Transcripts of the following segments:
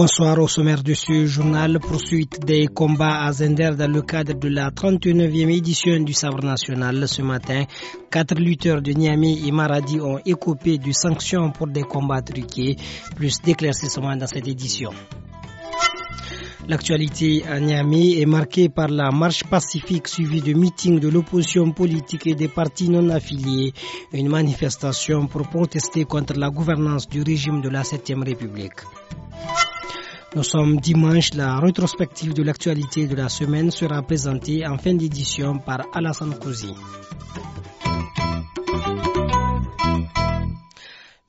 Bonsoir au sommaire de ce journal. Poursuite des combats à Zender dans le cadre de la 39e édition du Sabre national. Ce matin, quatre lutteurs de Niamey et Maradi ont écopé de sanctions pour des combats truqués. Plus d'éclaircissements dans cette édition. L'actualité à Niamey est marquée par la marche pacifique suivie de meetings de l'opposition politique et des partis non affiliés, une manifestation pour protester contre la gouvernance du régime de la 7e République. Nous sommes dimanche, la rétrospective de l'actualité de la semaine sera présentée en fin d'édition par Alassane Kouzi.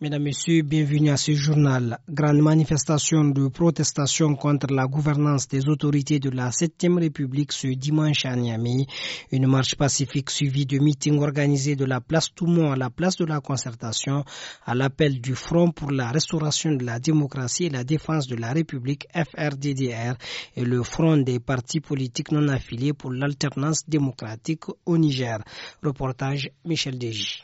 Mesdames, Messieurs, bienvenue à ce journal. Grande manifestation de protestation contre la gouvernance des autorités de la 7 République ce dimanche à Niamey. Une marche pacifique suivie de meetings organisés de la place Toumont à la place de la concertation à l'appel du Front pour la restauration de la démocratie et la défense de la République FRDDR et le Front des partis politiques non affiliés pour l'alternance démocratique au Niger. Reportage Michel Deji.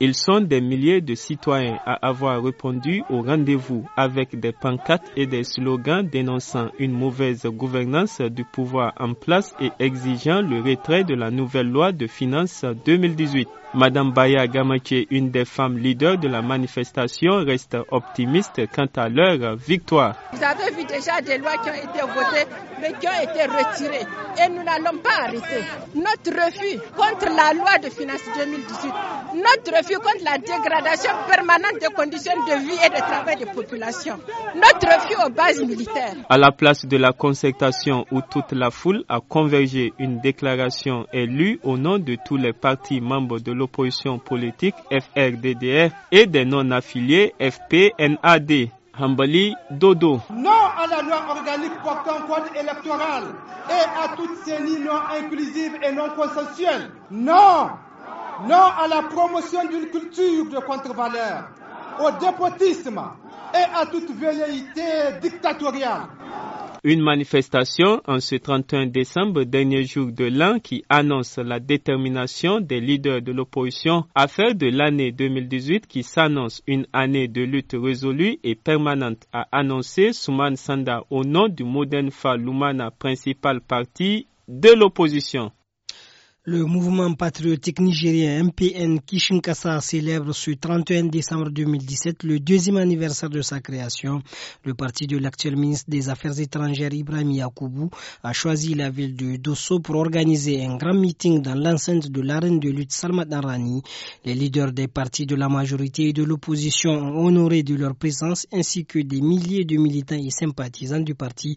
Ils sont des milliers de citoyens à avoir répondu au rendez-vous avec des pancartes et des slogans dénonçant une mauvaise gouvernance du pouvoir en place et exigeant le retrait de la nouvelle loi de finances 2018. Madame Baya qui une des femmes leaders de la manifestation, reste optimiste quant à leur victoire. Vous avez vu déjà des lois qui ont été votées, mais qui ont été retirées. Et nous n'allons pas arrêter. Notre refus contre la loi de finances 2018, notre refus contre la dégradation permanente des conditions de vie et de travail des populations, notre refus aux bases militaires. À la place de la concertation où toute la foule a convergé, une déclaration est lue au nom de tous les partis membres de l'O opposition politique FRDDF et des non-affiliés FPNAD. Hambali Dodo. Non à la loi organique portant code électoral et à toute série non inclusive et non consensuelle. Non Non à la promotion d'une culture de contre-valeur, au dépotisme et à toute velléité dictatoriale. Une manifestation en ce 31 décembre, dernier jour de l'an, qui annonce la détermination des leaders de l'opposition à faire de l'année 2018 qui s'annonce une année de lutte résolue et permanente, a annoncé Souman Sanda au nom du Modern Lumana, principal parti de l'opposition. Le mouvement patriotique nigérien MPN Kishinkasa célèbre ce 31 décembre 2017 le deuxième anniversaire de sa création. Le parti de l'actuel ministre des Affaires étrangères Ibrahim Yakoubou a choisi la ville de Dosso pour organiser un grand meeting dans l'enceinte de l'arène de lutte Salma Darani. Les leaders des partis de la majorité et de l'opposition ont honoré de leur présence ainsi que des milliers de militants et sympathisants du parti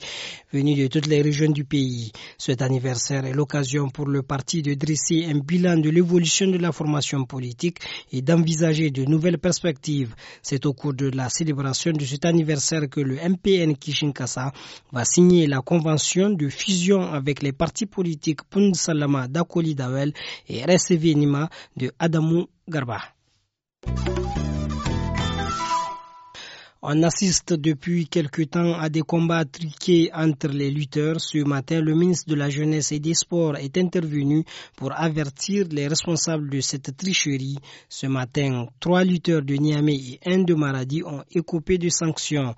venus de toutes les régions du pays. Cet anniversaire est l'occasion pour le parti de dresser un bilan de l'évolution de la formation politique et d'envisager de nouvelles perspectives. C'est au cours de la célébration de cet anniversaire que le MPN Kishinkasa va signer la convention de fusion avec les partis politiques Pund Salama d'Akoli Dawel et RSV Nima de Adamu Garba. On assiste depuis quelque temps à des combats truqués entre les lutteurs. Ce matin, le ministre de la Jeunesse et des Sports est intervenu pour avertir les responsables de cette tricherie. Ce matin, trois lutteurs de Niamey et un de Maradi ont écopé de sanctions.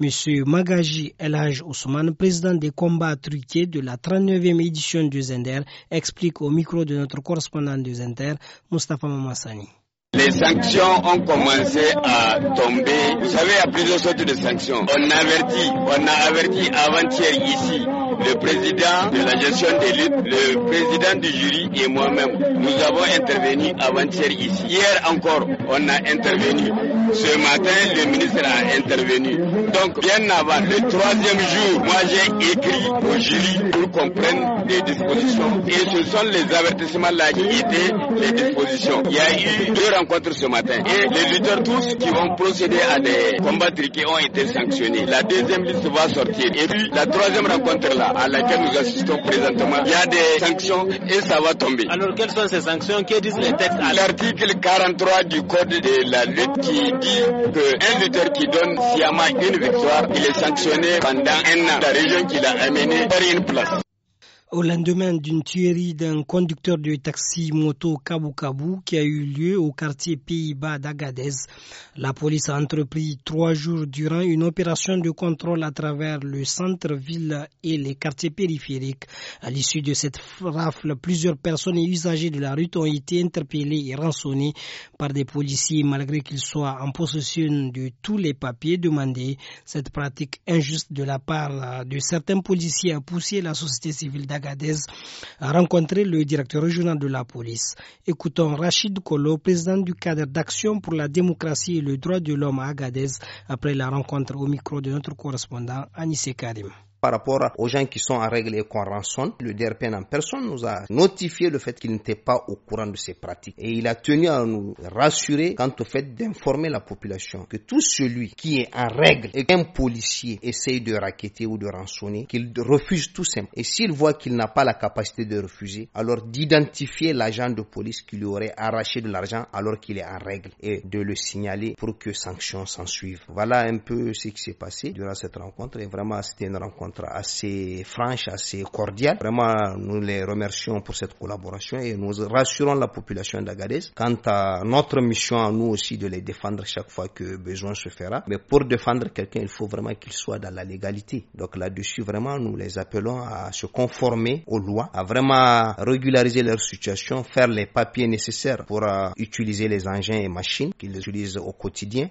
Monsieur Magaji Elhaj Ousmane, président des combats truqués de la 39e édition de Zender, explique au micro de notre correspondant de Zender, Mustafa Mamassani. Les sanctions ont commencé à tomber. Vous savez, il y a plusieurs sortes de sanctions. On a averti, on a averti avant-hier ici le président de la gestion des luttes, le président du jury et moi-même. Nous avons intervenu avant-hier ici. Hier encore, on a intervenu. Ce matin, le ministre a intervenu. Donc, bien avant le troisième jour, moi j'ai écrit au jury pour qu'on prenne des dispositions. Et ce sont les avertissements-là qui étaient les dispositions. Il y a eu deux rencontres ce matin. Et les lutteurs tous qui vont procéder à des combats qui ont été sanctionnés. La deuxième liste va sortir. Et puis, la troisième rencontre-là, à laquelle nous assistons présentement, il y a des sanctions et ça va tomber. Alors quelles sont ces sanctions Que disent les textes L'article 43 du Code de la lutte qui dit qu'un lutteur qui donne sciemment une victoire, il est sanctionné pendant un an. La région qui l'a amené par une place. Au lendemain d'une tuerie d'un conducteur de taxi moto Kabu Kabu qui a eu lieu au quartier Pays-Bas d'Agadez, la police a entrepris trois jours durant une opération de contrôle à travers le centre-ville et les quartiers périphériques. À l'issue de cette rafle, plusieurs personnes et usagers de la route ont été interpellés et rançonnés par des policiers malgré qu'ils soient en possession de tous les papiers demandés. Cette pratique injuste de la part de certains policiers a poussé la société civile d'Agadez Agadez, a rencontré le directeur régional de la police. Écoutons Rachid Kolo, président du cadre d'action pour la démocratie et le droit de l'homme à Agadez, après la rencontre au micro de notre correspondant Anissé Karim par rapport aux gens qui sont en règle et qu'on rançonne. Le DRPN en personne nous a notifié le fait qu'il n'était pas au courant de ces pratiques. Et il a tenu à nous rassurer quant au fait d'informer la population que tout celui qui est en règle et qu'un policier essaye de raqueter ou de rançonner, qu'il refuse tout simplement. Et s'il voit qu'il n'a pas la capacité de refuser, alors d'identifier l'agent de police qui lui aurait arraché de l'argent alors qu'il est en règle et de le signaler pour que sanctions s'en suivent. Voilà un peu ce qui s'est passé durant cette rencontre et vraiment c'était une rencontre assez franche, assez cordiale. Vraiment, nous les remercions pour cette collaboration et nous rassurons la population d'Agadez quant à notre mission à nous aussi de les défendre chaque fois que besoin se fera. Mais pour défendre quelqu'un, il faut vraiment qu'il soit dans la légalité. Donc là-dessus, vraiment, nous les appelons à se conformer aux lois, à vraiment régulariser leur situation, faire les papiers nécessaires pour euh, utiliser les engins et machines qu'ils utilisent au quotidien.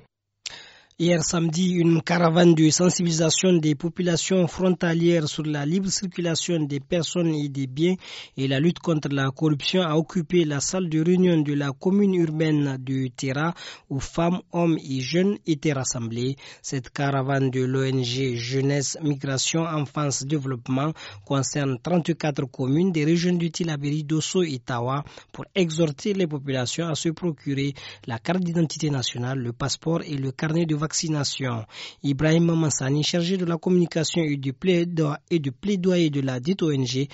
Hier samedi, une caravane de sensibilisation des populations frontalières sur la libre circulation des personnes et des biens et la lutte contre la corruption a occupé la salle de réunion de la commune urbaine de Terra où femmes, hommes et jeunes étaient rassemblés. Cette caravane de l'ONG Jeunesse, Migration, Enfance, Développement concerne 34 communes des régions du Tilaberi, Dosso et Tawa pour exhorter les populations à se procurer la carte d'identité nationale, le passeport et le carnet de vaccination. Ibrahim Mamassani, chargé de la communication et du plaidoyer de la dite ONG,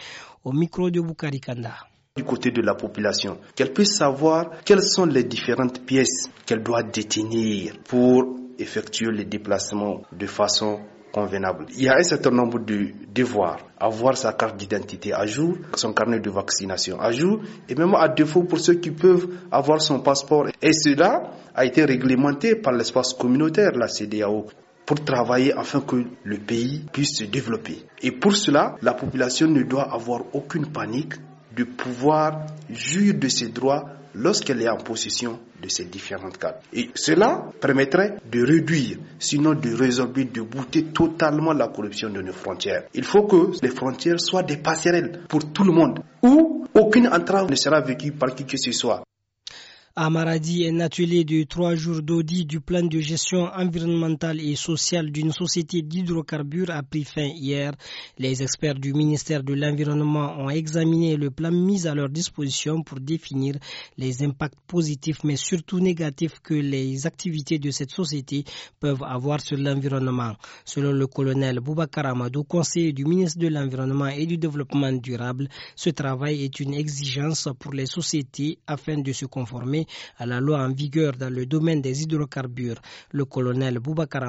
au micro de Bukarikanda. Kanda du côté de la population, qu'elle puisse savoir quelles sont les différentes pièces qu'elle doit détenir pour effectuer les déplacements de façon convenable. Il y a un certain nombre de devoirs. Avoir sa carte d'identité à jour, son carnet de vaccination à jour, et même à défaut pour ceux qui peuvent avoir son passeport. Et cela a été réglementé par l'espace communautaire, la CDAO pour travailler afin que le pays puisse se développer. Et pour cela, la population ne doit avoir aucune panique de pouvoir jouir de ses droits lorsqu'elle est en possession de ces différentes cartes. Et cela permettrait de réduire, sinon de résorber, de bouter totalement la corruption de nos frontières. Il faut que les frontières soient des passerelles pour tout le monde, où aucune entrave ne sera vécue par qui que ce soit. Amaradi, Maradi, un atelier de trois jours d'audit du plan de gestion environnementale et sociale d'une société d'hydrocarbures a pris fin hier. Les experts du ministère de l'Environnement ont examiné le plan mis à leur disposition pour définir les impacts positifs mais surtout négatifs que les activités de cette société peuvent avoir sur l'environnement. Selon le colonel Boubacar Amadou, conseiller du ministre de l'Environnement et du Développement durable, ce travail est une exigence pour les sociétés afin de se conformer à la loi en vigueur dans le domaine des hydrocarbures. Le colonel Boubacar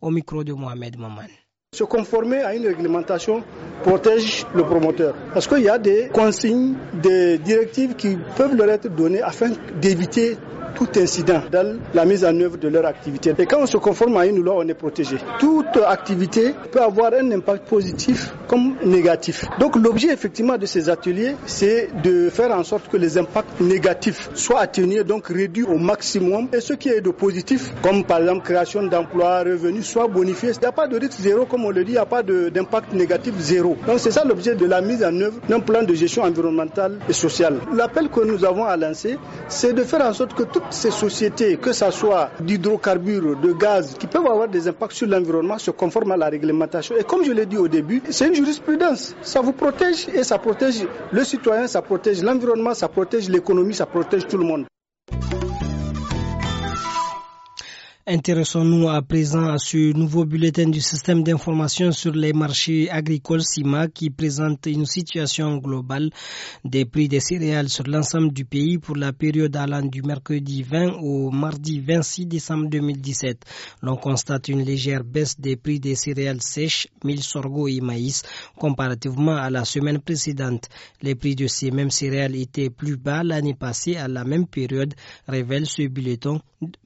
au micro de Mohamed Maman. Se conformer à une réglementation protège le promoteur. Parce qu'il y a des consignes, des directives qui peuvent leur être données afin d'éviter tout incident dans la mise en œuvre de leur activité. Et quand on se conforme à une loi, on est protégé. Toute activité peut avoir un impact positif comme négatif. Donc l'objet effectivement de ces ateliers, c'est de faire en sorte que les impacts négatifs soient atténués, donc réduits au maximum. Et ce qui est de positif, comme par exemple création d'emplois, revenus, soit bonifiés. Il n'y a pas de risque zéro, comme on le dit, il n'y a pas d'impact négatif zéro. Donc c'est ça l'objet de la mise en œuvre d'un plan de gestion environnementale et sociale. L'appel que nous avons à lancer, c'est de faire en sorte que toute ces sociétés, que ce soit d'hydrocarbures, de gaz, qui peuvent avoir des impacts sur l'environnement, se conforment à la réglementation. Et comme je l'ai dit au début, c'est une jurisprudence. Ça vous protège et ça protège le citoyen, ça protège l'environnement, ça protège l'économie, ça protège tout le monde. Intéressons-nous à présent à ce nouveau bulletin du système d'information sur les marchés agricoles (SIMA) qui présente une situation globale des prix des céréales sur l'ensemble du pays pour la période allant du mercredi 20 au mardi 26 décembre 2017. L'on constate une légère baisse des prix des céréales sèches, mille, sorgho et maïs comparativement à la semaine précédente. Les prix de ces mêmes céréales étaient plus bas l'année passée à la même période, révèle ce bulletin,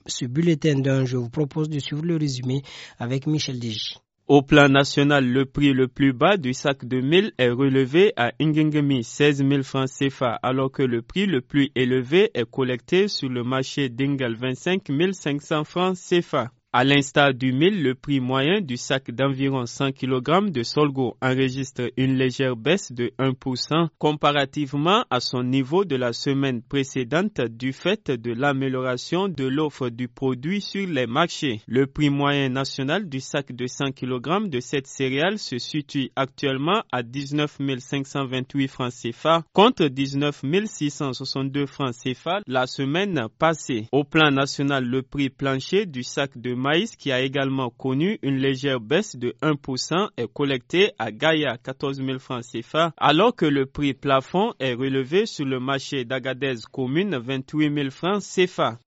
ce bulletin je vous propose de suivre le résumé avec Michel Dij. Au plan national, le prix le plus bas du sac de mille est relevé à Ngengemi, 16 000 francs CFA, alors que le prix le plus élevé est collecté sur le marché d'Ingal, 25 500 francs CFA. À l'instar du mille, le prix moyen du sac d'environ 100 kg de Solgo enregistre une légère baisse de 1% comparativement à son niveau de la semaine précédente du fait de l'amélioration de l'offre du produit sur les marchés. Le prix moyen national du sac de 100 kg de cette céréale se situe actuellement à 19 528 francs CFA contre 19 662 francs CFA la semaine passée. Au plan national, le prix plancher du sac de maïs, qui a également connu une légère baisse de 1%, est collecté à Gaïa 14 000 francs CFA, alors que le prix plafond est relevé sur le marché d'Agadez commune 28 000 francs CFA.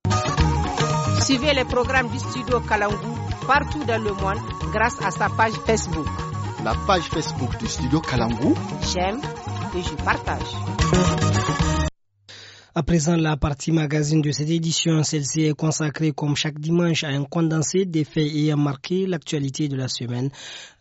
Suivez les programmes du studio Kalangou partout dans le monde grâce à sa page Facebook. La page Facebook du studio Kalangou. J'aime et je partage. À présent, la partie magazine de cette édition, celle-ci est consacrée comme chaque dimanche à un condensé des faits ayant marqué l'actualité de la semaine.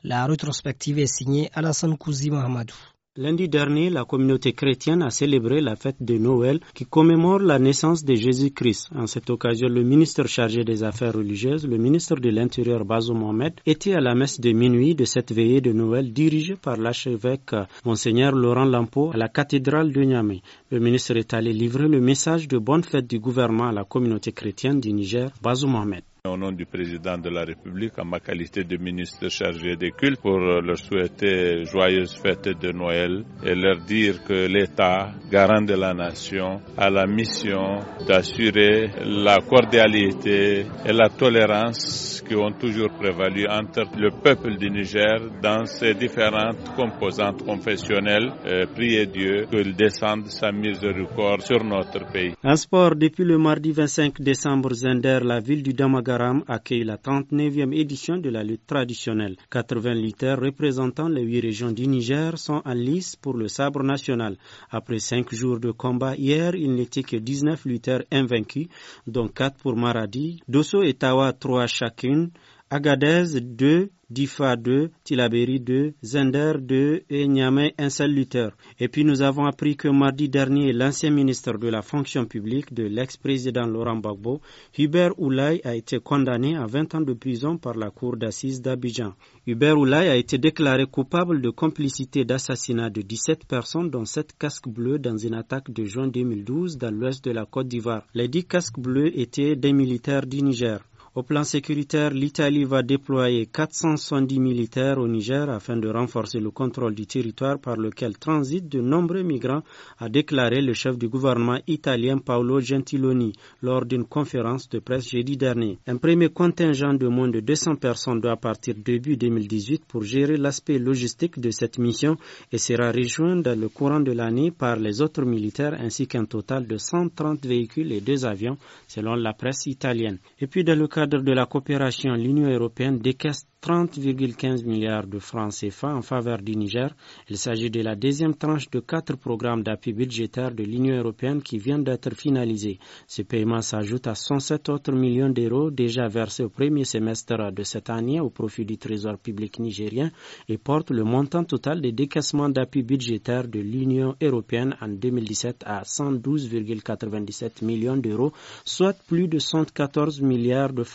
La rétrospective est signée Alassane Kouzi Mahamadou. Lundi dernier, la communauté chrétienne a célébré la fête de Noël qui commémore la naissance de Jésus-Christ. En cette occasion, le ministre chargé des Affaires religieuses, le ministre de l'Intérieur Bazo Mohamed, était à la messe de minuit de cette veillée de Noël dirigée par l'archevêque Monseigneur Laurent Lampeau à la cathédrale de Niamey. Le ministre est allé livrer le message de bonne fête du gouvernement à la communauté chrétienne du Niger, Bazo Mohamed. Au nom du président de la République, en ma qualité de ministre chargé des cultes, pour leur souhaiter joyeuses fêtes de Noël et leur dire que l'État, garant de la nation, a la mission d'assurer la cordialité et la tolérance qui ont toujours prévalu entre le peuple du Niger dans ses différentes composantes confessionnelles. prier euh, priez Dieu qu'il descende sa miséricorde sur notre pays. En sport, depuis le mardi 25 décembre, Zender, la ville du Damaga accueille la 39e édition de la lutte traditionnelle. 80 lutteurs représentant les huit régions du Niger sont en lice pour le sabre national. Après cinq jours de combat hier, il n'était que 19 lutteurs invaincus, dont quatre pour Maradi, Dosso et Tawa 3 chacune. Agadez 2, Difa 2, Tilaberi 2, Zender 2 et Niamey un seul lutteur. Et puis nous avons appris que mardi dernier, l'ancien ministre de la fonction publique de l'ex-président Laurent Gbagbo, Hubert Oulay, a été condamné à 20 ans de prison par la cour d'assises d'Abidjan. Hubert Oulay a été déclaré coupable de complicité d'assassinat de 17 personnes dont 7 casques bleus dans une attaque de juin 2012 dans l'ouest de la Côte d'Ivoire. Les 10 casques bleus étaient des militaires du Niger. Au plan sécuritaire, l'Italie va déployer 470 militaires au Niger afin de renforcer le contrôle du territoire par lequel transitent de nombreux migrants, a déclaré le chef du gouvernement italien Paolo Gentiloni lors d'une conférence de presse jeudi dernier. Un premier contingent de moins de 200 personnes doit partir début 2018 pour gérer l'aspect logistique de cette mission et sera rejoint dans le courant de l'année par les autres militaires ainsi qu'un total de 130 véhicules et deux avions selon la presse italienne. Et puis dans le cadre de la coopération, l'Union européenne décaisse 30,15 milliards de francs CFA en faveur du Niger. Il s'agit de la deuxième tranche de quatre programmes d'appui budgétaire de l'Union européenne qui viennent d'être finalisés. Ce paiement s'ajoute à 107 autres millions d'euros déjà versés au premier semestre de cette année au profit du Trésor public nigérien et porte le montant total des décaissements d'appui budgétaire de l'Union européenne en 2017 à 112,97 millions d'euros, soit plus de 114 milliards de francs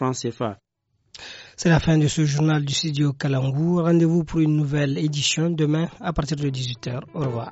c'est la fin de ce journal du studio Kalangu. Rendez-vous pour une nouvelle édition demain à partir de 18h. Au revoir.